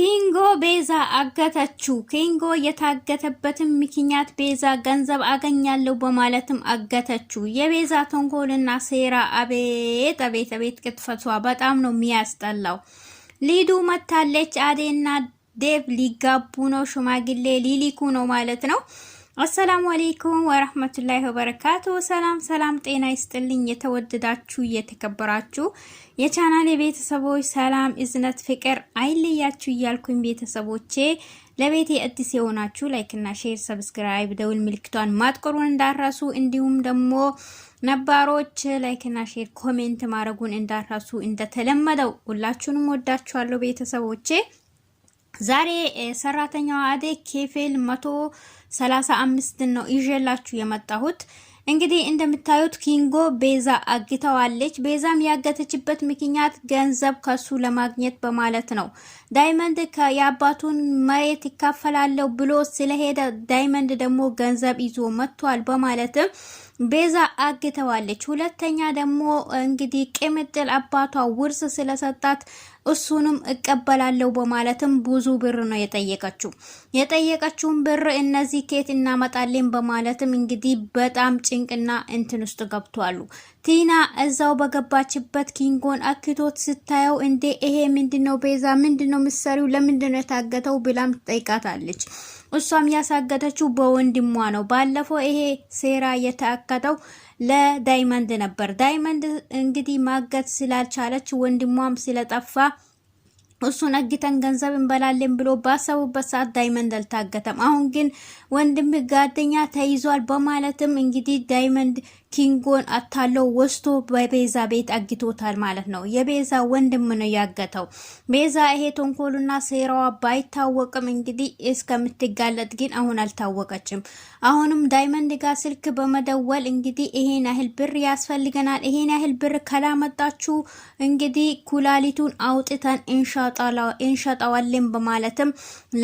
ኪንጎ ቤዛ አገተችው። ኪንጎ የታገተበትም ምክንያት ቤዛ ገንዘብ አገኛለሁ በማለትም አገተችው። የቤዛ ተንኮልና ሴራ አቤት አቤት አቤት! ቅጥፈቷ በጣም ነው የሚያስጠላው። ሊዱ መታለች። አዴና ዴቭ ሊጋቡ ነው። ሽማግሌ ሊሊኩ ነው ማለት ነው። አሰላሙ አሌይኩም ወረህመቱላሂ ወበረካቱ። ሰላም ሰላም፣ ጤና ይስጥልኝ። የተወደዳችሁ የተከበራችሁ የቻናል ቤተሰቦች ሰላም፣ እዝነት፣ ፍቅር አይለያችሁ እያልኩኝ ቤተሰቦቼ ለቤት የአዲስ የሆናችሁ ላይክና ሼር ሰብስክራይብ ደውል ምልክቷን ማጥቆሩን እንዳረሱ እንዲሁም ደግሞ ነባሮች ላይክና ሼር ኮሜንት ማድረጉን እንዳረሱ እንደተለመደው ሁላችሁንም ወዳችኋለሁ ቤተሰቦቼ። ዛሬ ሰራተኛዋ አደይ ክፍል መቶ ሰላሳ አምስትን ነው ይዤላችሁ የመጣሁት። እንግዲህ እንደምታዩት ኪንጎ ቤዛ አግተዋለች። ቤዛም ያገተችበት ምክንያት ገንዘብ ከሱ ለማግኘት በማለት ነው። ዳይመንድ የአባቱን መሬት ይካፈላለው ብሎ ስለሄደ ዳይመንድ ደግሞ ገንዘብ ይዞ መጥቷል በማለትም ቤዛ አግተዋለች። ሁለተኛ ደግሞ እንግዲህ ቅምጥል አባቷ ውርስ ስለሰጣት እሱንም እቀበላለሁ በማለትም ብዙ ብር ነው የጠየቀችው። የጠየቀችውን ብር እነዚህ ኬት እናመጣለን በማለትም እንግዲህ በጣም ጭንቅና እንትን ውስጥ ገብቷሉ። ቲና እዛው በገባችበት ኪንጎን አክቶት ስታየው እንዴ ይሄ ምንድን ነው? ቤዛ ምንድን ነው ምሰሪው? ለምንድን ነው የታገተው ብላም ትጠይቃታለች። እሷም ያሳገተችው በወንድሟ ነው። ባለፈው ይሄ ሴራ የተአከተው ለዳይመንድ ነበር። ዳይመንድ እንግዲህ ማገት ስላልቻለች ወንድሟም ስለጠፋ እሱን አግተን ገንዘብ እንበላለን ብሎ ባሰቡበት ሰዓት ዳይመንድ አልታገተም። አሁን ግን ወንድም ጓደኛ ተይዟል በማለትም እንግዲህ ዳይመንድ ኪንጎን አታለው ወስቶ በቤዛ ቤት አግቶታል ማለት ነው። የቤዛ ወንድም ነው ያገተው። ቤዛ ይሄ ተንኮሉና ሴራዋ ባይታወቅም እንግዲህ እስከምትጋለጥ ግን አሁን አልታወቀችም። አሁንም ዳይመንድ ጋር ስልክ በመደወል እንግዲህ ይሄን ያህል ብር ያስፈልገናል፣ ይሄን ያህል ብር ከላመጣችሁ እንግዲህ ኩላሊቱን አውጥተን እንሸጠዋለን በማለትም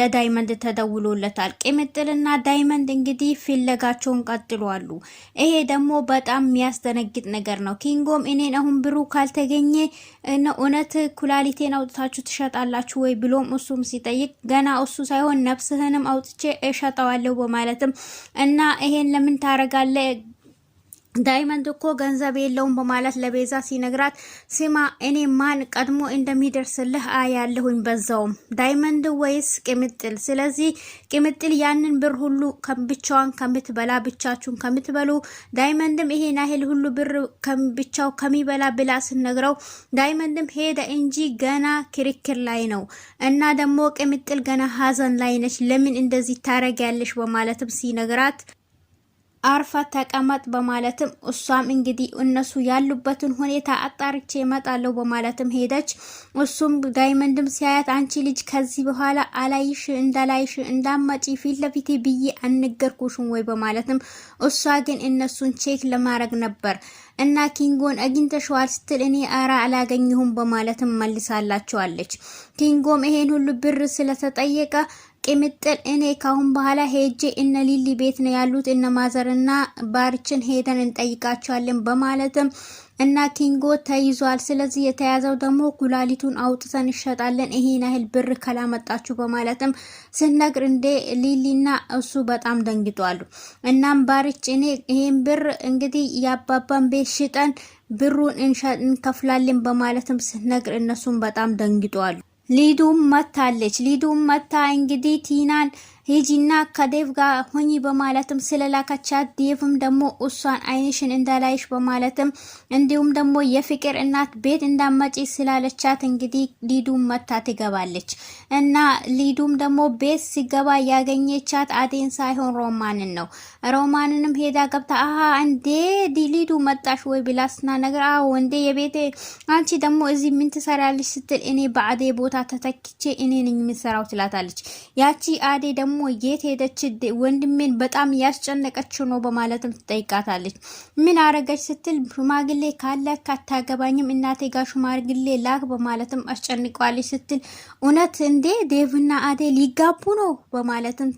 ለዳይመንድ ተደውሎለታል። ቅምጥልና ዳይመንድ እንግዲህ ፍለጋቸውን ቀጥሏሉ። ይሄ ደግሞ በጣም የሚያስደነግጥ ነገር ነው። ኪንጎም እኔን አሁን ብሩ ካልተገኘ እውነት ኩላሊቴን አውጥታችሁ ትሸጣላችሁ ወይ ብሎም እሱም ሲጠይቅ ገና እሱ ሳይሆን ነፍስህንም አውጥቼ እሸጠዋለሁ በማለትም እና ይሄን ለምን ታረጋለ ዳይመንድ እኮ ገንዘብ የለውም በማለት ለቤዛ ሲነግራት፣ ስማ እኔ ማን ቀድሞ እንደሚደርስልህ አያለሁኝ። በዛውም ዳይመንድ ወይስ ቅምጥል? ስለዚህ ቅምጥል ያንን ብር ሁሉ ብቻዋን ከምትበላ ብቻችሁን ከምትበሉ፣ ዳይመንድም ይሄን ያህል ሁሉ ብር ብቻው ከሚበላ ብላ ስነግረው፣ ዳይመንድም ሄደ እንጂ ገና ክርክር ላይ ነው እና ደግሞ ቅምጥል ገና ሀዘን ላይ ነች። ለምን እንደዚህ ታረጊያለሽ? በማለትም ሲነግራት አርፋ ተቀመጥ በማለትም እሷም እንግዲህ እነሱ ያሉበትን ሁኔታ አጣርቼ እመጣለሁ በማለትም ሄደች። እሱም ዳይመንድም ሲያያት አንቺ ልጅ ከዚህ በኋላ አላይሽ እንዳላይሽ እንዳመጪ ፊት ለፊቴ ብዬ አንገርኩሽም ወይ በማለትም እሷ ግን እነሱን ቼክ ለማድረግ ነበር እና ኪንጎን አግኝተሽዋል ስትል እኔ አራ አላገኘሁም በማለትም መልሳላቸዋለች። ኪንጎም ይሄን ሁሉ ብር ስለተጠየቀ ቅምጥል እኔ ካሁን በኋላ ሄጄ እነ ሊሊ ቤት ነው ያሉት እነ ማዘርና ባርችን ሄደን እንጠይቃቸዋለን በማለትም እና ኪንጎ ተይዟል። ስለዚህ የተያዘው ደግሞ ኩላሊቱን አውጥተን ይሸጣለን ይሄን ያህል ብር ካላመጣችሁ በማለትም ስነግር እንዴ ሊሊና እሱ በጣም ደንግጧሉ። እናም ባርች እኔ ይሄን ብር እንግዲህ የአባባን ቤት ሽጠን ብሩን እንከፍላለን በማለትም ስነግር እነሱን በጣም ደንግጧሉ። ሊዱም መታለች። ሊዱም መታ እንግዲህ ቲናን ሂጂና ከዴቭ ጋር ሆኚ በማለትም ስለላከቻት ዴቭም ደግሞ እሷን አይንሽን እንዳላይሽ በማለትም እንዲሁም ደግሞ የፍቅር እናት ቤት እንዳመጪ ስላለቻት እንግዲህ ሊዱም መታ ትገባለች እና ሊዱም ደግሞ ቤት ሲገባ ያገኘቻት አዴን ሳይሆን ሮማንን ነው። ሮማንንም ሄዳ ገብታ አሀ እንዴ ሊዱ መጣሽ ወይ ብላስና ነገር አዎ እንዴ የቤቴ አንቺ ደግሞ እዚህ ምን ትሰራለች ስትል እኔ በአዴ ቦታ ተተክቼ እኔ ነኝ የምሰራው ትላታለች። ያቺ አዴ ደግሞ ደግሞ የት ሄደች? ወንድሜን በጣም ያስጨነቀችው ነው በማለትም ትጠይቃታለች። ምን አረገች ስትል ሽማግሌ ካለ ካታገባኝም እናቴ ጋር ሽማግሌ ላክ በማለትም አስጨንቀዋለች ስትል እውነት እንዴ ዴቭና አዴ ሊጋቡ ነው በማለትም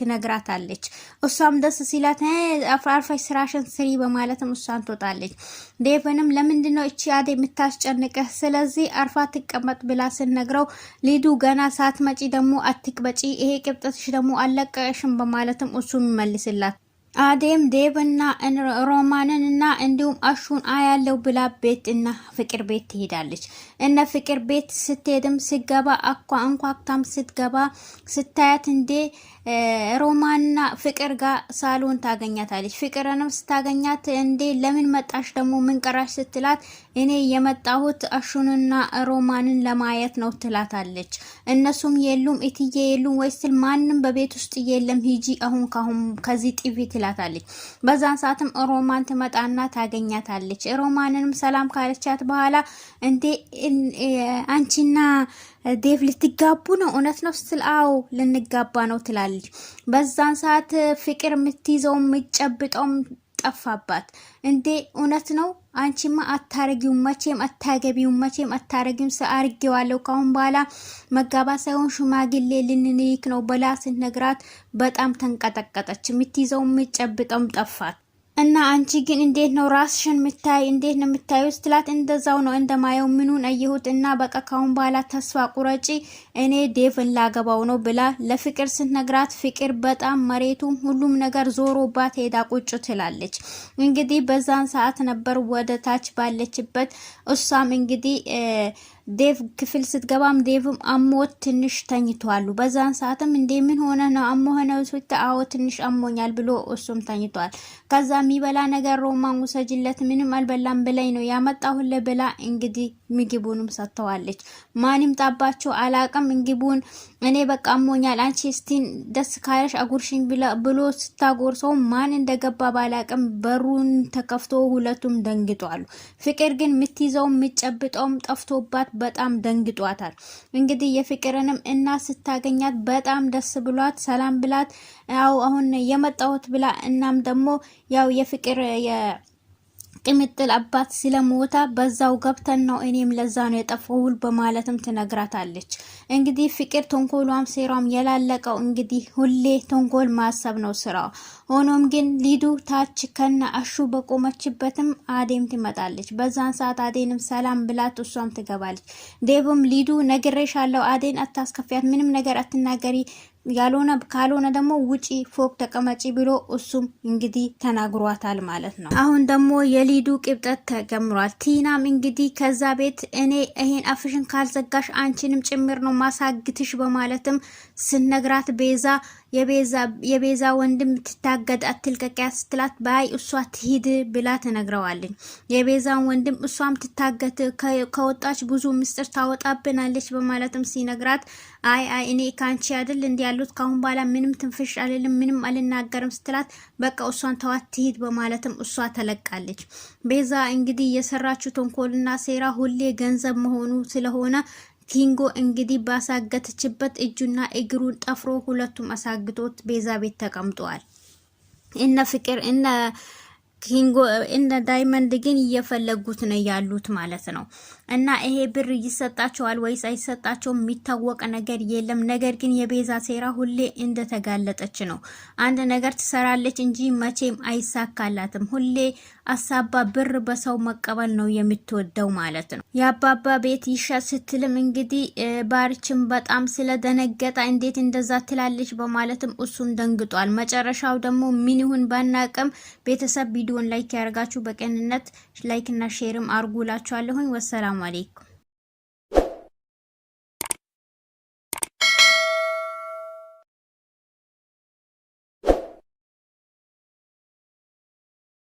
ትነግራታለች። እሷም ደስ ሲላት አርፈሽ ስራሽን ስሪ በማለትም እሷን ትወጣለች። ዴቭንም ለምንድን ነው እቺ አዴ የምታስጨንቀህ? ስለዚህ አርፋ ትቀመጥ ብላ ስነግረው ሊዱ ገና ሳትመጪ ደግሞ አትቅበጪ ይሄ ቅብጠት ባለቤትሽ ደግሞ አለቀቀሽም በማለትም እሱም ይመልስላት። አዴም ዴብና ሮማንን እና እንዲሁም አሹን አያለው ብላ ቤት እና ፍቅር ቤት ትሄዳለች። እነ ፍቅር ቤት ስትሄድም ስገባ አኳ እንኳክታም ስትገባ ስታያት እንዴ ሮማንና ፍቅር ጋር ሳሎን ታገኛታለች። ፍቅርንም ስታገኛት እንዴ ለምን መጣሽ ደግሞ ምንቀራሽ ስትላት እኔ የመጣሁት አሹንና ሮማንን ለማየት ነው ትላታለች። እነሱም የሉም እትዬ የሉም ወይ ስትል ማንም በቤት ውስጥ የለም ሂጂ አሁን ካሁን ከዚህ ጥፊ ትላታለች። በዛን ሰዓትም ሮማን ትመጣና ታገኛታለች። ሮማንንም ሰላም ካለቻት በኋላ እንዴ አንቺና ዴቭ ልትጋቡ ነው እውነት ነው ስትል አዎ ልንጋባ ነው ትላለች። በዛን ሰዓት ፍቅር የምትይዘው የምትጨብጠው ጠፋባት እንዴ? እውነት ነው። አንቺማ አታረጊው፣ መቼም አታገቢው፣ መቼም አታረጊው። አርጌዋለሁ ካሁን በኋላ መጋባት ሳይሆን ሽማግሌ ልንንይክ ነው በላ ስነግራት በጣም ተንቀጠቀጠች። የምትይዘው የምትጨብጠውም ጠፋት። እና አንቺ ግን እንዴት ነው ራስሽን የምታይ? እንዴት ነው የምታዩ ስትላት እንደዛው ነው እንደማየው ምኑን አየሁት። እና በቃ ካሁን በኋላ ተስፋ ቁረጪ፣ እኔ ዴቭን ላገባው ነው ብላ ለፍቅር ስትነግራት ፍቅር በጣም መሬቱ ሁሉም ነገር ዞሮባት ሄዳ ቁጭ ትላለች። እንግዲህ በዛን ሰዓት ነበር ወደ ታች ባለችበት እሷም እንግዲህ ዴቭ ክፍል ስትገባም ዴቭም አሞት ትንሽ ተኝቷሉ። በዛን ሰዓትም እንዴ ምን ሆነ ነው አሞ ሆነው ስት አዎ ትንሽ አሞኛል ብሎ እሱም ተኝቷል። ከዛ የሚበላ ነገር ሮማን ውሰጅለት ምንም አልበላም ብለኝ ነው ያመጣሁለ ብላ እንግዲህ ምግቡንም ሰጥተዋለች። ማንም ጣባቸው አላቅም እንግቡን እኔ በቃ አሞኛል አንቺ ስቲን ደስ ካለሽ አጉርሽኝ ብሎ ስታጎርሰው ማን እንደገባ ባላቅም በሩን ተከፍቶ ሁለቱም ደንግጧሉ። ፍቅር ግን የምትይዘውም የምትጨብጠውም ጠፍቶባት በጣም ደንግጧታል። እንግዲህ የፍቅርንም እናት ስታገኛት በጣም ደስ ብሏት ሰላም ብላት ያው አሁን የመጣሁት ብላ እናም ደግሞ ያው የፍቅር ቅምጥል አባት ስለሞታ በዛው ገብተን ነው እኔም ለዛ ነው የጠፋሁት በማለትም ትነግራታለች። እንግዲህ ፍቅር ተንኮሏም ሴሯም የላለቀው እንግዲህ ሁሌ ተንኮል ማሰብ ነው ስራው። ሆኖም ግን ሊዱ ታች ከነ አሹ በቆመችበትም አዴም ትመጣለች። በዛን ሰዓት አዴንም ሰላም ብላት እሷም ትገባለች። ዴቡም ሊዱ ነግሬሻለሁ፣ አዴን አታስከፊያት፣ ምንም ነገር አትናገሪ ያልሆነ ካልሆነ ደግሞ ውጪ ፎቅ ተቀመጪ ብሎ እሱም እንግዲህ ተናግሯታል ማለት ነው። አሁን ደግሞ የሊዱ ቅብጠት ተገምሯል። ቲናም እንግዲህ ከዛ ቤት እኔ ይሄን አፍሽን ካልዘጋሽ አንቺንም ጭምር ነው ማሳግትሽ በማለትም ስነግራት ቤዛ የቤዛ ወንድም ትታገድ አትልቀቂያ ስትላት በአይ እሷ ትሂድ ብላ ትነግረዋለች የቤዛን ወንድም እሷም ትታገት ከወጣች ብዙ ምስጢር ታወጣብናለች በማለትም ሲነግራት አይ አይ እኔ ከአንቺ አይደል እንዲ ያሉት ካሁን በኋላ ምንም ትንፍሽ አልልም፣ ምንም አልናገርም ስትላት በቃ እሷን ተዋት ትሂድ በማለትም እሷ ተለቃለች። ቤዛ እንግዲህ የሰራችው ተንኮልና ሴራ ሁሌ ገንዘብ መሆኑ ስለሆነ ኪንጎ እንግዲህ ባሳገተችበት እጁና እግሩን ጠፍሮ ሁለቱም አሳግቶት ቤዛ ቤት ተቀምጠዋል። እነ ፍቅር እነ ኪንጎ እና ዳይመንድ ግን እየፈለጉት ነው ያሉት ማለት ነው። እና ይሄ ብር ይሰጣቸዋል ወይስ አይሰጣቸውም የሚታወቅ ነገር የለም። ነገር ግን የቤዛ ሴራ ሁሌ እንደተጋለጠች ነው። አንድ ነገር ትሰራለች እንጂ መቼም አይሳካላትም። ሁሌ አሳባ ብር በሰው መቀበል ነው የምትወደው ማለት ነው። የአባባ ቤት ይሻ ስትልም እንግዲህ ባርችም በጣም ስለደነገጠ እንዴት እንደዛ ትላለች በማለትም እሱም ደንግጧል። መጨረሻው ደግሞ ምን ይሁን ባናቅም ቤተሰብ ቢዱ ቪዲዮን ላይክ ያደርጋችሁ በቀንነት ላይክ እና ሼርም አርጉላችኋለሁኝ። ወሰላሙ አሌይኩም